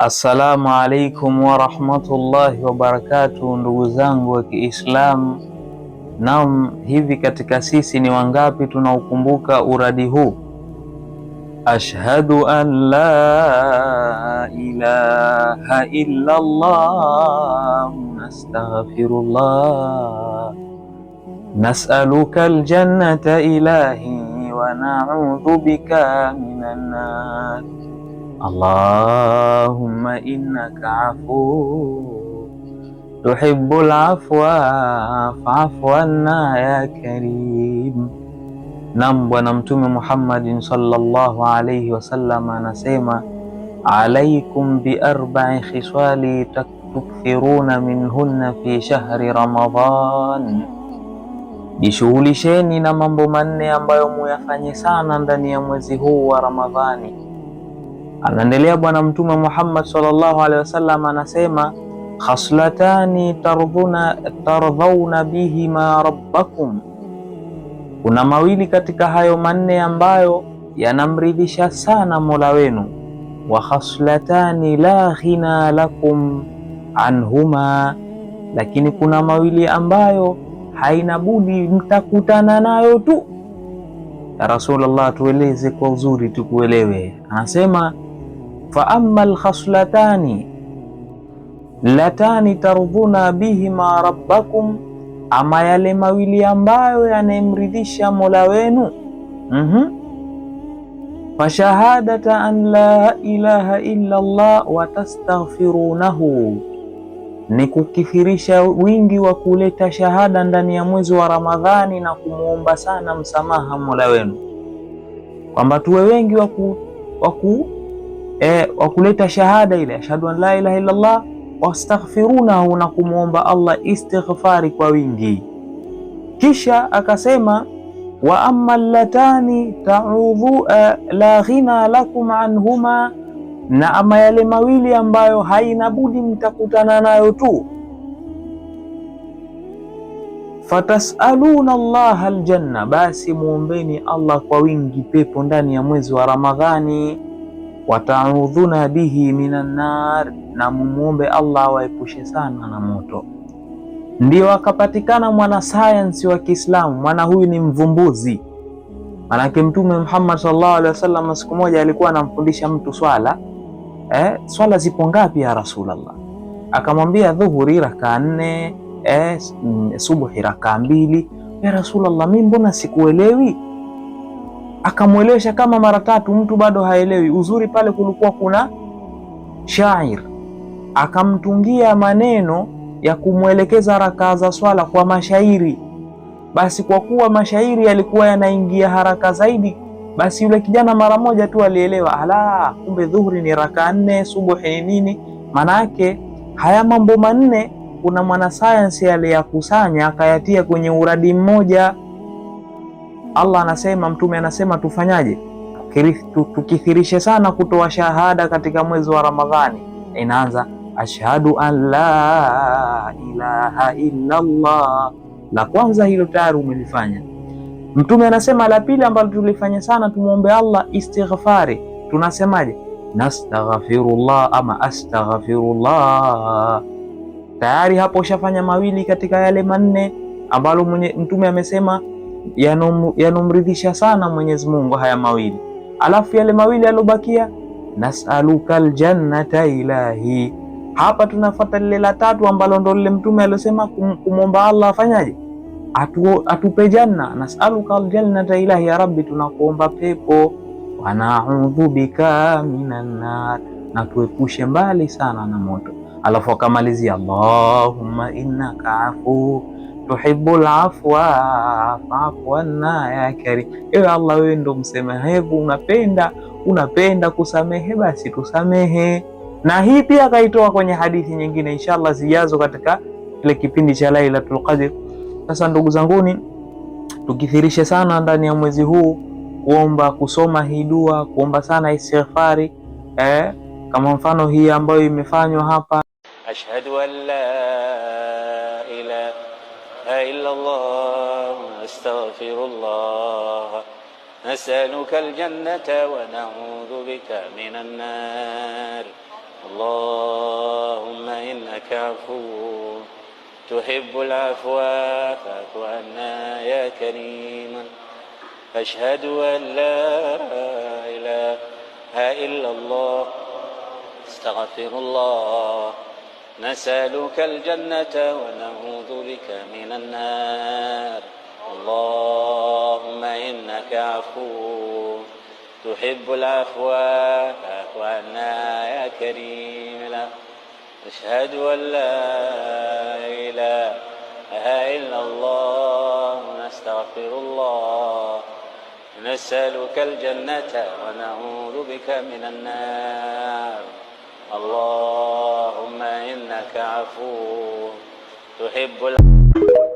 Assalamu alaikum warahmatullahi wabarakatuh, ndugu zangu wa Kiislamu. Naam, hivi katika sisi ni wangapi tunaokumbuka uradi huu? Ashhadu an la ilaha illa Allah nastaghfirullah nas'aluka aljannata ilahi wa na'udhu bika minan nar Allahumma innaka afu tuhibbul afwa fa'fu anna ya karim. Nam, Bwana Mtume Muhammadin sallallahu alayhi wasallam anasema alaikum bi arba'i khiswali tukthiruna minhunna fi shahri Ramadhan, jishughulisheni na mambo manne ambayo muyafanye sana ndani ya mwezi huu wa Ramadhani. Anaendelea Bwana Mtume Muhammad sallallahu alaihi wasallam anasema, khaslatani tardhuna tardhauna bihima rabbakum, kuna mawili katika hayo manne ambayo yanamridhisha sana mola wenu. Wa khaslatani la ghina lakum anhuma, lakini kuna mawili ambayo haina budi mtakutana nayo tu. Ya Rasulullah, tueleze kwa uzuri tukuelewe. Anasema fa amma alkhaslatani latani tardhuna bihima rabbakum, ama yale mawili ambayo yanayemridhisha mola wenu mm -hmm. fashahadata an la ilaha illa Allah wa tastaghfirunahu, ni kukithirisha wingi wa kuleta shahada ndani ya mwezi wa Ramadhani na kumwomba sana msamaha mola wenu, kwamba tuwe wengi wa wa ku e, wa kuleta shahada ile ashhadu an la ilaha illa Allah wastaghfirunahu, na kumwomba Allah istighfari kwa wingi. Kisha akasema wa amma allatani ta'udhu eh, la ghina lakum anhuma, na ama yale mawili ambayo haina budi mtakutana nayo tu fatasaluna Allah aljanna, basi muombeni Allah kwa wingi pepo ndani ya mwezi wa Ramadhani wataudhuna bihi minan nar, na mumuombe Allah awaepushe sana na moto. Ndio akapatikana mwanasayansi wa Kiislamu. Mwana huyu ni mvumbuzi, manake Mtume Muhammad sallallahu alaihi wasallam siku moja alikuwa anamfundisha mtu swala eh, swala zipo ngapi ya Rasulullah? Akamwambia dhuhuri rakaa nne, eh, subuhi rakaa mbili. Ya Rasulullah, mimi mbona sikuelewi akamwelewesha kama mara tatu, mtu bado haelewi. Uzuri pale kulikuwa kuna shair, akamtungia maneno ya kumwelekeza rakaa za swala kwa mashairi. Basi kwa kuwa mashairi yalikuwa yanaingia haraka zaidi, basi yule kijana mara moja tu alielewa, ala, kumbe dhuhuri ni rakaa nne, subuhi ni nini. Manake haya mambo manne kuna mwanasayansi aliyakusanya akayatia kwenye uradi mmoja. Allah anasema, mtume anasema tufanyaje? Tukithirishe sana kutoa shahada katika mwezi wa Ramadhani. Inaanza ashhadu an la ilaha illa Allah. La kwanza hilo tayari umelifanya. Mtume anasema la pili ambalo tulifanya sana, tumwombe Allah istighfari. Tunasemaje? nastaghfirullah ama astaghfirullah. Tayari hapo ushafanya mawili katika yale manne ambalo mtume amesema yanomridhisha sana Mwenyezi Mungu haya mawili, alafu yale mawili yalobakia, nasaluka aljannata ilahi. Hapa tunafuata lile la tatu ambalo ndo lile mtume aliosema kumwomba Allah afanyaje, atu, atupe janna. Nasaluka aljannata ilahi, ya rabbi, tunakuomba pepo. Wanaudhu bika minan nar, na tuepushe mbali sana na moto. Alafu akamalizia allahumma innaka afu tuhibbul afwa fa'fu ya karim. Ewe Allah, wewe ndo msamehevu, unapenda unapenda kusamehe, basi tusamehe. Na hii pia akaitoa kwenye hadithi nyingine, inshallah zijazo katika kile kipindi cha Lailatul Qadr. Sasa ndugu zanguni, tukithirishe sana ndani ya mwezi huu kuomba, kusoma hii dua, kuomba sana istighfari, eh, kama mfano hii ambayo imefanywa hapa, ashhadu an la ilaha إلا الله أستغفر الله نسألك الجنة ونعوذ بك من النار اللهم إنك عفو تحب العفو فاعف عنا يا كريم أشهد أن لا إله إلا الله استغفر الله نسألك الجنة ونعوذ بك من النار اللهم إنك عفو تحب العفو فاعف عنا يا كريم أشهد أن لا إله إلا الله نستغفر الله نسألك الجنة ونعوذ بك من النار اللهم إنك عفو تحب العفو